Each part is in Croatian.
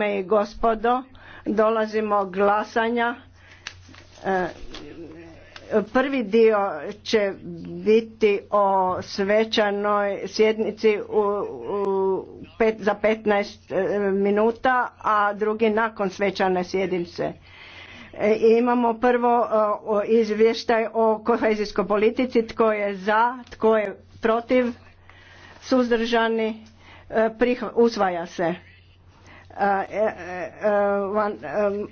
dame i gospodo dolazimo glasanja e, prvi dio će biti o svečanoj sjednici u, pet, za 15 e, minuta a drugi nakon svečane sjednice e, imamo prvo izvještaj o kohezijskoj politici tko je za tko je protiv suzdržani usvaja se. E, e, e,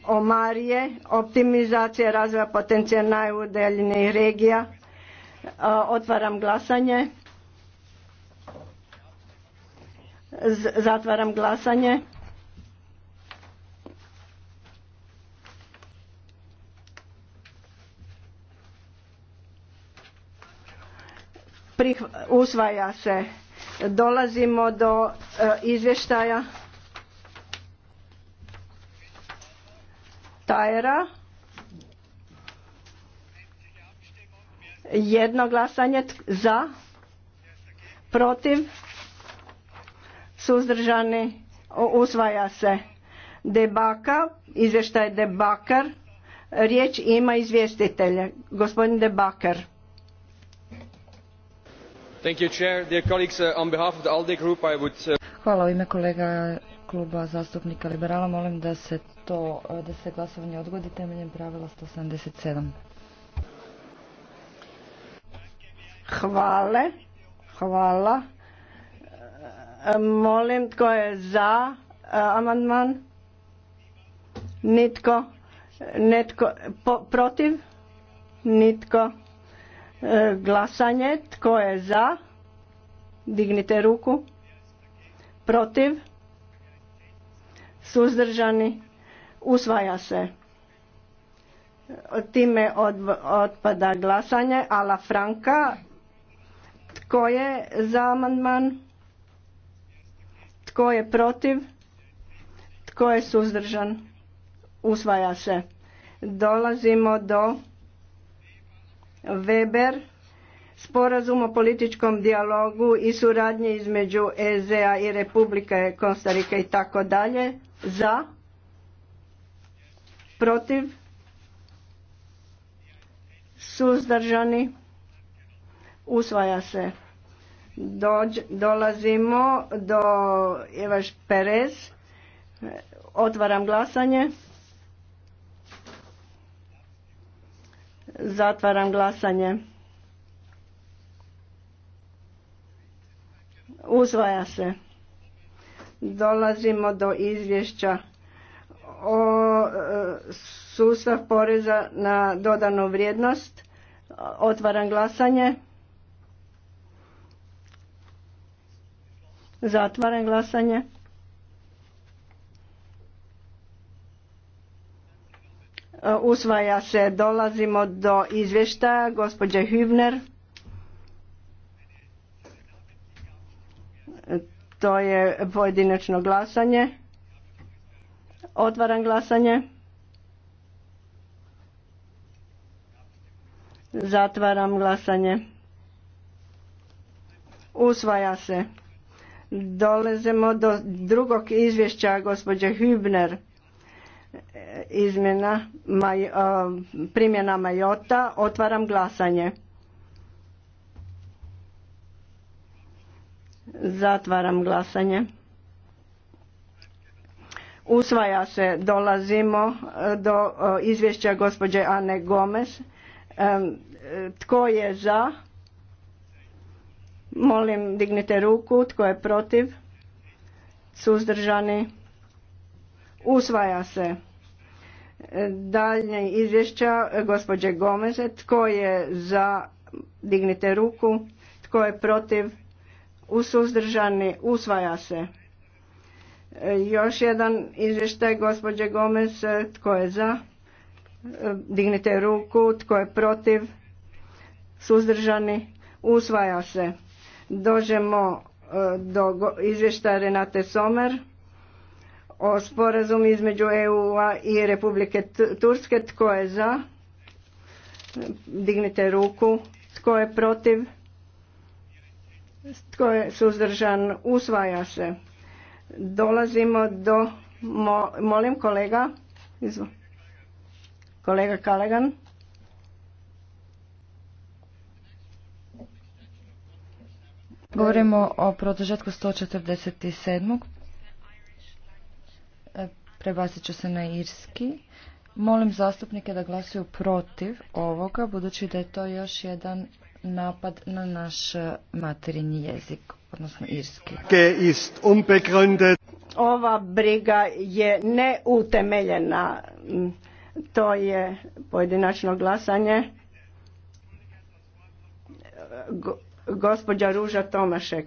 omarije, optimizacija razvoja potencija najudeljenih regija. Otvaram glasanje. Zatvaram glasanje. usvaja se. Dolazimo do izvještaja. Tajera, Jedno glasanje za, protiv, suzdržani, usvaja se. Debaka, izvještaj Debakar, riječ ima izvjestitelje. gospodin Debakar. Uh, uh, Hvala u ime kolega kluba zastupnika liberala molim da se to da se glasovanje odgodi temeljem pravila 177. Hvale. Hvala. Molim tko je za e, amandman? Nitko. Netko protiv? Nitko. E, glasanje. Tko je za? Dignite ruku. Protiv? suzdržani, usvaja se. Time otpada glasanje Ala Franka. Tko je za amandman? Tko je protiv? Tko je suzdržan? Usvaja se. Dolazimo do Weber. Sporazum o političkom dijalogu i suradnji između EZ-a i Republike Konstarike i tako dalje za protiv suzdržani usvaja se Dođ, dolazimo do Evaš Perez otvaram glasanje zatvaram glasanje usvaja se dolazimo do izvješća o e, sustav poreza na dodanu vrijednost. Otvaram glasanje. Zatvaram glasanje. E, usvaja se, dolazimo do izvještaja gospođe Hübner. To je pojedinačno glasanje. Otvaram glasanje. Zatvaram glasanje. Usvaja se. Dolazimo do drugog izvješća gospođe Hübner. Izmjena primjena Majota. Otvaram glasanje. Zatvaram glasanje. Usvaja se, dolazimo e, do e, izvješća gospođe Ane Gomez. E, tko je za? Molim, dignite ruku. Tko je protiv? Suzdržani? Usvaja se. Dalje izvješća gospođe Gomeze. Tko je za? Dignite ruku. Tko je protiv? suzdržani usvaja se. E, još jedan izvještaj gospođe Gomez, e, tko je za? E, dignite ruku, tko je protiv? Suzdržani usvaja se. Dođemo do izvještaja Renate Somer o sporazumu između EU-a i Republike Turske. Tko je za? Dignite ruku. Tko je protiv? Tko je suzdržan? Usvaja se. Dolazimo do... molim kolega. Kolega Kalegan. Govorimo o četrdeset 147. Prebacit ću se na irski. Molim zastupnike da glasuju protiv ovoga, budući da je to još jedan napad na naš e, materinji jezik, odnosno irski. Ova briga je neutemeljena. To je pojedinačno glasanje. gospođa Ruža Tomašek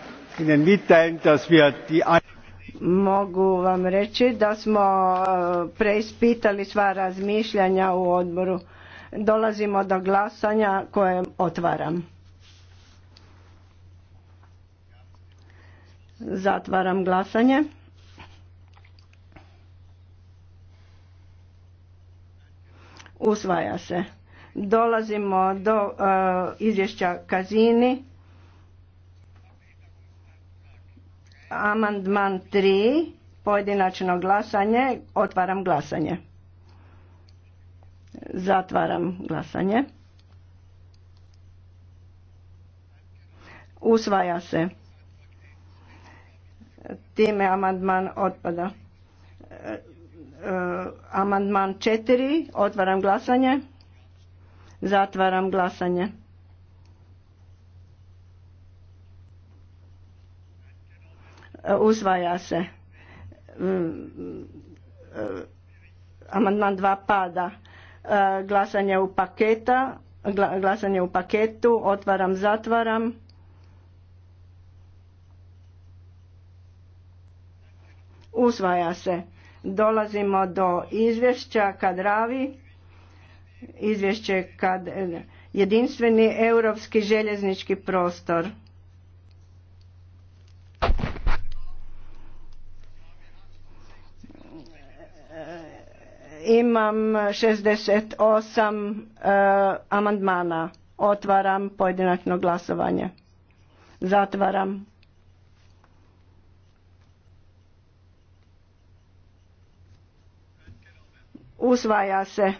mitteilen, dass Mogu vam reći da smo e, preispitali sva razmišljanja u odboru. Dolazimo do glasanja koje otvaram. Zatvaram glasanje. Usvaja se. Dolazimo do e, izvješća Kazini. Amandman 3, pojedinačno glasanje, otvaram glasanje. Zatvaram glasanje. Usvaja se. Time amandman otpada. E, e, amandman 4, otvaram glasanje. Zatvaram glasanje. Uzvaja se. Mm, amandman dva pada. E, glasanje u paketa. Glasanje u paketu. Otvaram, zatvaram. Usvaja se. Dolazimo do izvješća kad ravi. Izvješće kad e, jedinstveni europski željeznički prostor. Imam 68 e, amandmana. Otvaram pojedinačno glasovanje. Zatvaram. Usvaja se.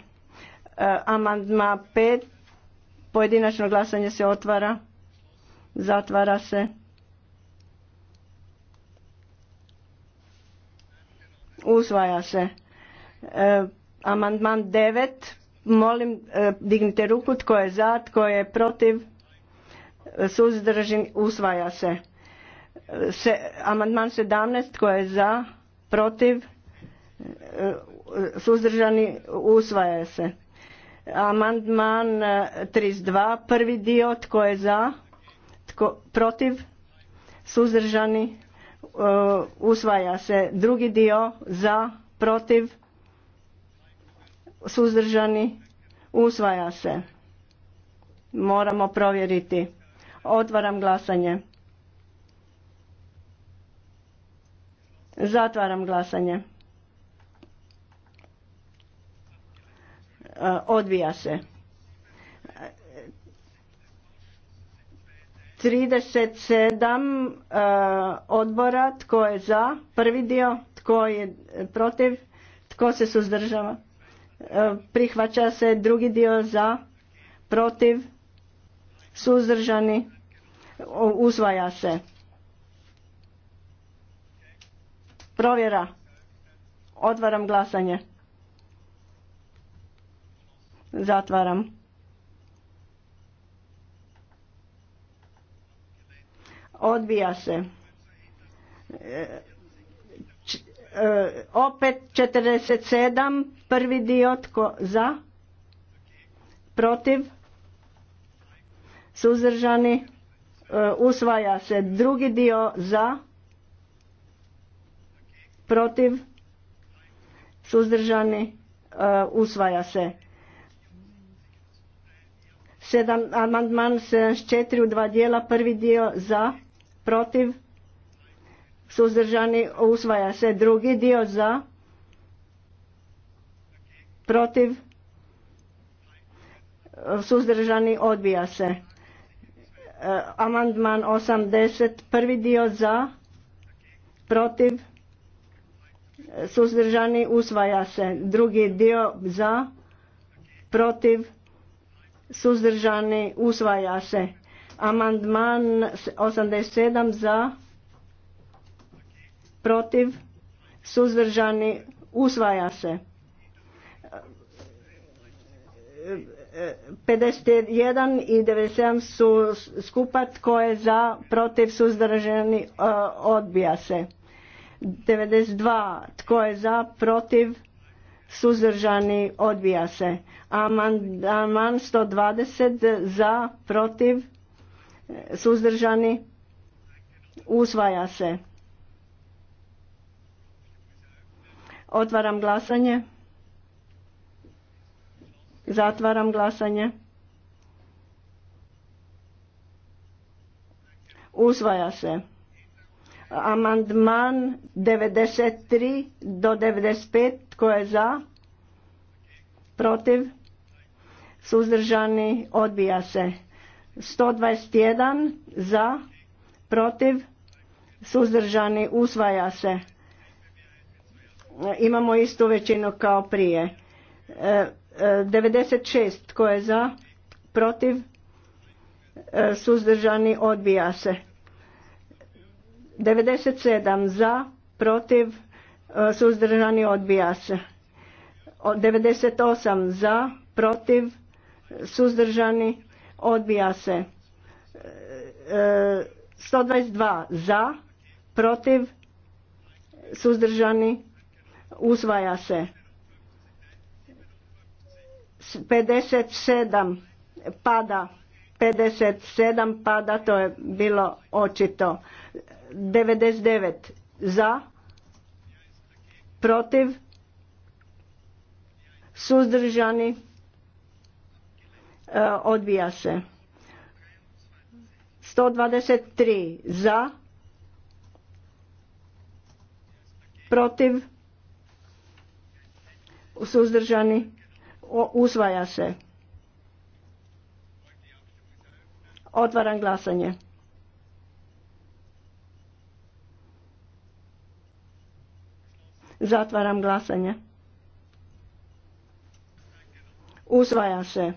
E, amandma 5. Pojedinačno glasanje se otvara. Zatvara se. Usvaja se. E, amandman 9. Molim, e, dignite ruku tko je za, tko je protiv, suzdržani usvaja se. se Amandman 17. Tko je za, protiv, e, suzdržani, usvaja se. Amandman 32. Prvi dio, tko je za, tko protiv, suzdržani, usvaja se. Drugi dio, za, protiv, suzdržani, usvaja se. Moramo provjeriti. Otvaram glasanje. Zatvaram glasanje. E, Odvija se. 37 e, odbora, tko je za prvi dio, tko je protiv, tko se suzdržava prihvaća se drugi dio za protiv suzdržani usvaja se provjera otvaram glasanje zatvaram odbija se e, E, opet 47 prvi dio tko za protiv suzdržani e, usvaja se drugi dio za protiv suzdržani e, usvaja se sedam amandman četiri, u dva dijela prvi dio za protiv suzdržani, usvaja se drugi dio za, protiv, suzdržani, odbija se. E, amandman 80, prvi dio za, protiv, suzdržani, usvaja se. Drugi dio za, protiv, suzdržani, usvaja se. Amandman 87 za, protiv, suzdržani, usvaja se. 51 i 97 su skupa tko je za, protiv, suzdržani, e, odbija se. 92 tko je za, protiv, suzdržani, odbija se. Amandman 120 za, protiv, suzdržani, usvaja se. Otvaram glasanje. Zatvaram glasanje. Usvaja se. Amandman 93 do 95. Tko je za? Protiv? Suzdržani? Odbija se. 121 za? Protiv? Suzdržani? Usvaja se. Imamo istu većinu kao prije. 96 e, e, tko je za, protiv, suzdržani odbija se. 97 e, za, protiv, suzdržani odbija se. 98 za, protiv, suzdržani odbija se. 122 za, protiv, suzdržani Uzvaja se. 57 pada. 57 pada, to je bilo očito. 99 za, protiv, suzdržani, e, odbija se. 123 za, protiv, suzdržani, usvaja se. Otvaram glasanje. Zatvaram glasanje. Usvaja se.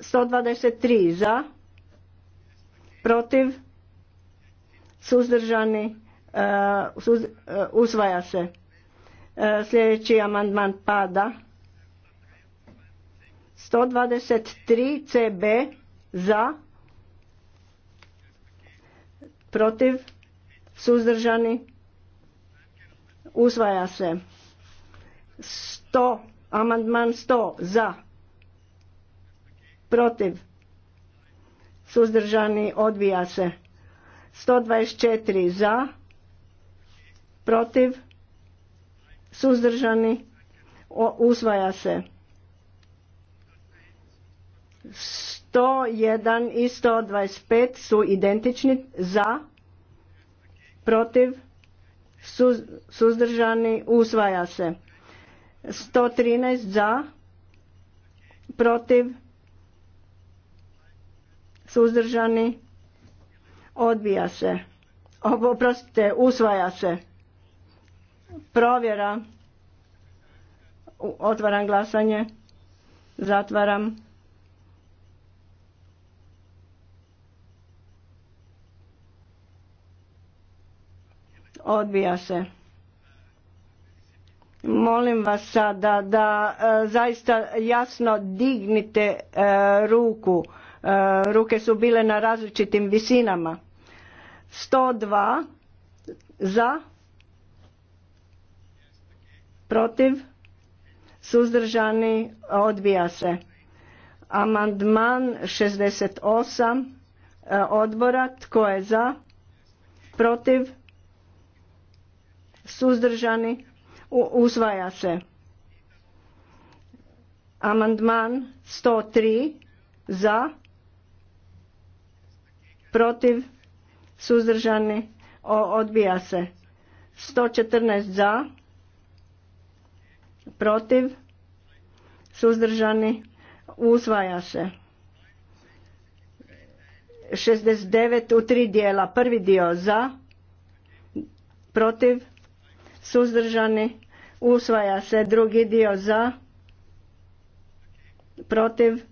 123 za, protiv, suzdržani, Uh, uh, usvaja se uh, sljedeći amandman pada 123 CB za protiv suzdržani usvaja se 100 amandman 100 za protiv suzdržani odbija se 124 za protiv, suzdržani, usvaja se. 101 i 125 su identični za, protiv, suzdržani, usvaja se. 113 za, protiv, suzdržani, odbija se. Oprostite, usvaja se. Provjera. Otvaram glasanje. Zatvaram. Odbija se. Molim vas sada da e, zaista jasno dignite e, ruku. E, ruke su bile na različitim visinama. 102 za protiv, suzdržani, odbija se. Amandman 68 e, odbora, tko je za, protiv, suzdržani, usvaja se. Amandman 103 za, protiv, suzdržani, odbija se. 114 za, protiv, suzdržani, usvaja se. 69 u tri dijela, prvi dio za, protiv, suzdržani, usvaja se, drugi dio za, protiv,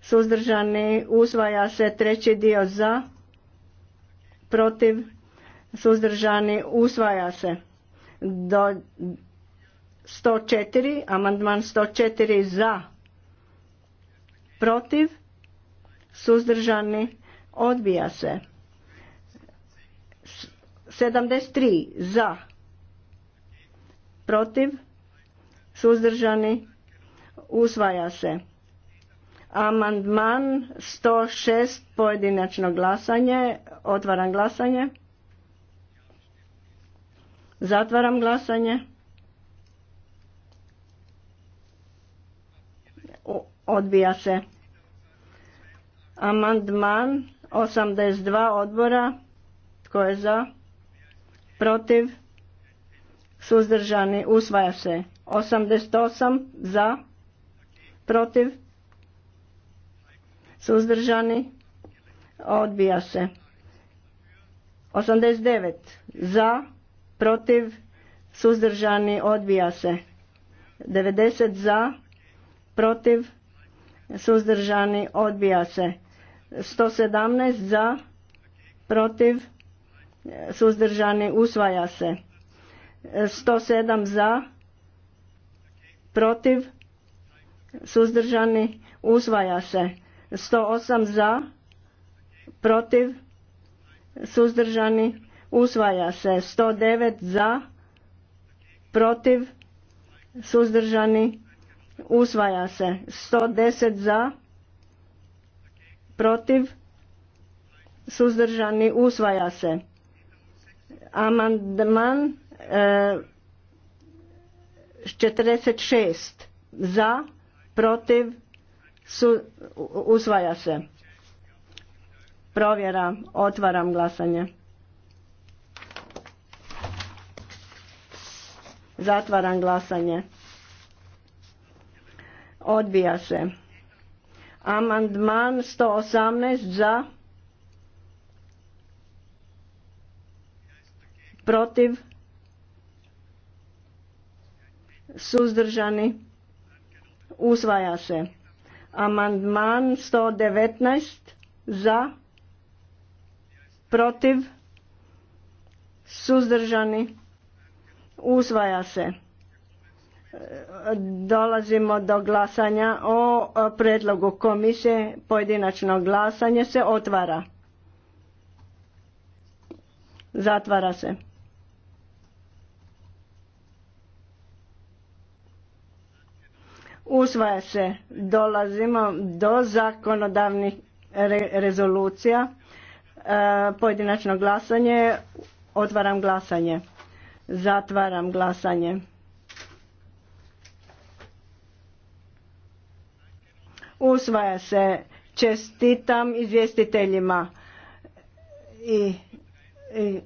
suzdržani, usvaja se, treći dio za, protiv, suzdržani, usvaja se. Do, 104, amandman 104 za, protiv, suzdržani, odbija se. 73 za, protiv, suzdržani, usvaja se. Amandman 106 pojedinačno glasanje, otvaram glasanje, zatvaram glasanje. odbija se. Amandman 82 odbora, tko je za, protiv, suzdržani, usvaja se. 88 za, protiv, suzdržani, odbija se. 89 za, protiv, suzdržani, odbija se. 90 za, protiv, suzdržani odbija se 117 za protiv suzdržani usvaja se 107 za protiv suzdržani usvaja se 108 za protiv suzdržani usvaja se 109 za protiv suzdržani usvaja se 110 za protiv suzdržani usvaja se amandman 46 e, za protiv usvaja se provjera otvaram glasanje zatvaram glasanje Odbija se. Amandman 118 za. Protiv. Suzdržani. Usvaja se. Amandman 119 za. Protiv. Suzdržani. Usvaja se. Dolazimo do glasanja o predlogu komisije. Pojedinačno glasanje se otvara. Zatvara se. Usvaja se. Dolazimo do zakonodavnih rezolucija. E, pojedinačno glasanje. Otvaram glasanje. Zatvaram glasanje. Usvaja se. Čestitam izvjestiteljima. I, i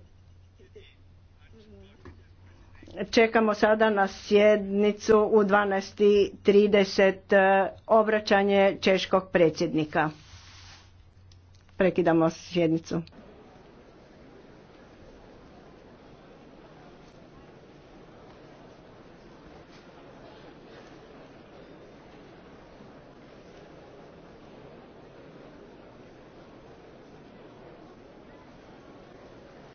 čekamo sada na sjednicu u 12.30 e, obraćanje češkog predsjednika. Prekidamo sjednicu.